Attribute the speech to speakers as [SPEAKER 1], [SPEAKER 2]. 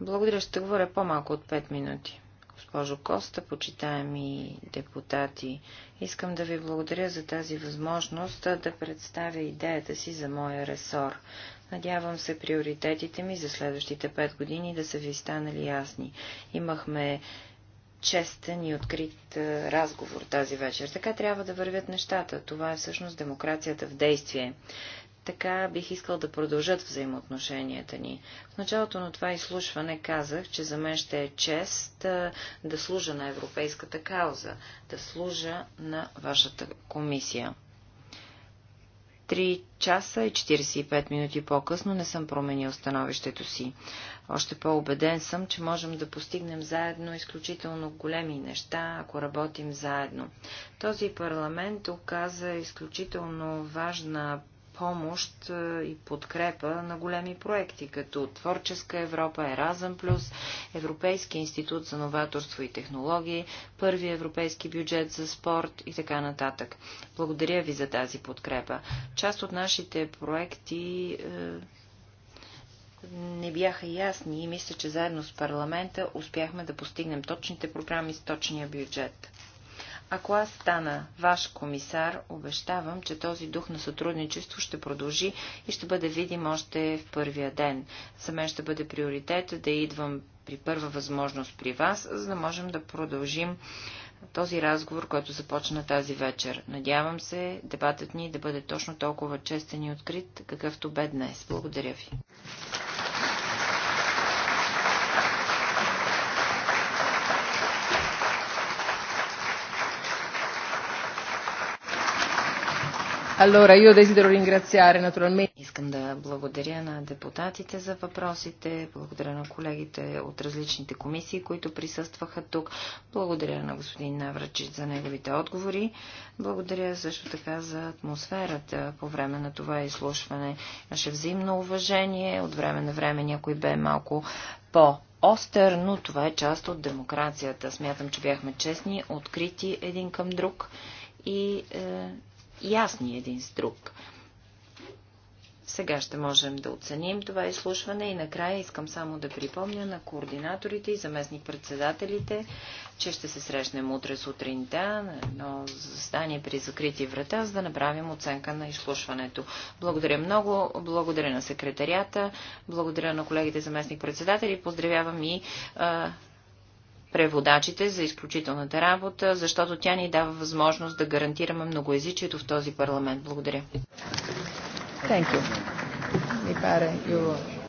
[SPEAKER 1] Благодаря, ще говоря по-малко от 5 минути. Госпожо Коста, почитаеми депутати, искам да ви благодаря за тази възможност да представя идеята си за моя ресор. Надявам се приоритетите ми за следващите 5 години да са ви станали ясни. Имахме честен и открит разговор тази вечер. Така трябва да вървят нещата. Това е всъщност демокрацията в действие. Така бих искал да продължат взаимоотношенията ни. В началото на това изслушване казах, че за мен ще е чест да служа на европейската кауза, да служа на вашата комисия. Три часа и 45 минути по-късно не съм променил становището си. Още по-убеден съм, че можем да постигнем заедно изключително големи неща, ако работим заедно. Този парламент оказа изключително важна помощ е, и подкрепа на големи проекти, като Творческа Европа, Еразъм Плюс, Европейски институт за новаторство и технологии, Първи европейски бюджет за спорт и така нататък. Благодаря ви за тази подкрепа. Част от нашите проекти е, не бяха ясни и мисля, че заедно с парламента успяхме да постигнем точните програми с точния бюджет. Ако аз стана ваш комисар, обещавам, че този дух на сътрудничество ще продължи и ще бъде видим още в първия ден. За мен ще бъде приоритет да идвам при първа възможност при вас, за да можем да продължим този разговор, който започна тази вечер. Надявам се дебатът ни да бъде точно толкова честен и открит, какъвто бе днес. Благодаря ви. Allora, io desidero ringraziare naturalmente. Искам да благодаря на депутатите за въпросите, благодаря на колегите от различните комисии, които присъстваха тук, благодаря на господин Наврачич за неговите отговори, благодаря също така за атмосферата по време на това изслушване. Наше взаимно уважение, от време на време някой бе малко по остър, но това е част от демокрацията. Смятам, че бяхме честни, открити един към друг и е, ясни един с друг. Сега ще можем да оценим това изслушване и накрая искам само да припомня на координаторите и заместник-председателите, че ще се срещнем утре сутринта на едно застание при закрити врата, за да направим оценка на изслушването. Благодаря много, благодаря на секретарията, благодаря на колегите заместник-председатели, поздравявам и преводачите за изключителната работа, защото тя ни дава възможност да гарантираме многоязичието в този парламент. Благодаря. Thank you.